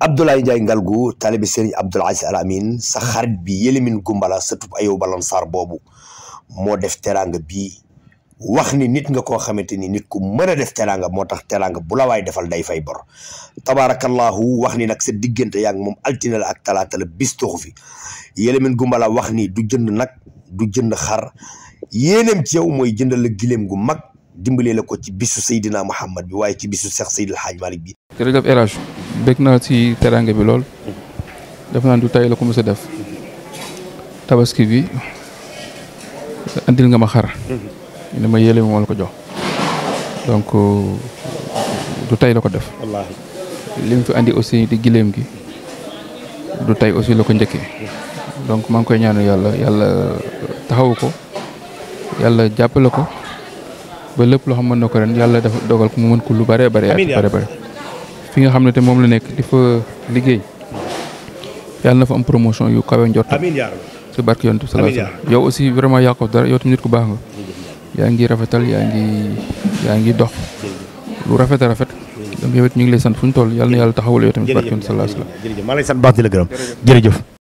Abdoulaye Ndiaye Ngalgu taalibi Serigne Abdoul Aziz Al Amin sa xarit bi Yelimin Gumbala sa tub Ayoub Balansaar boobu moo def teraanga bi wax ni nit nga koo xamante ni nit ku mën a def teraanga moo tax teraanga bula waaye defal day fay bor tabaarakallahu wax ni nag sa diggante yaa ngi moom altine ak talaata la bis toxu fi Yelimin Gumbala wax ni du jënd nag du jënd xar yéeneem ci yow mooy jëndal la gileem gu mag dimbalee la ko ci bisu Seydina Muhammad bi waaye ci bisu Seex Seydil Haaj bég naa si teraange bi lool def naa du tay la ko mos a def tabaski bi andil nga ma xar ne ma yéele moom la ko jox donc euh, du tay la ko def li fi andi aussi di gileem gi du tay aussi la ko njëkkee donc maa ngi koy ñaanu yàlla yàlla euh, taxawu ko yàlla jàppale ko ba lépp loo xam mën na ko ren yàlla dafa dogal ko mu mën ko lu bare bare bare bare fi nga xam ne te moom la nekk di fa liggéey yàlla na fa am promotion yu kawe njort. amiin yaa rabbi ci barke yonent bi yow aussi vraiment yaa ko dara yow tamit nit baax nga. yaa ngi rafetal yaa ngi yaa ngi dox. lu rafet a rafet. donc yow ngi lay sant fu ñu toll yàlla na yàlla taxawal yow tamit barke yonent bi sallallahu la gërëm jërëjëf.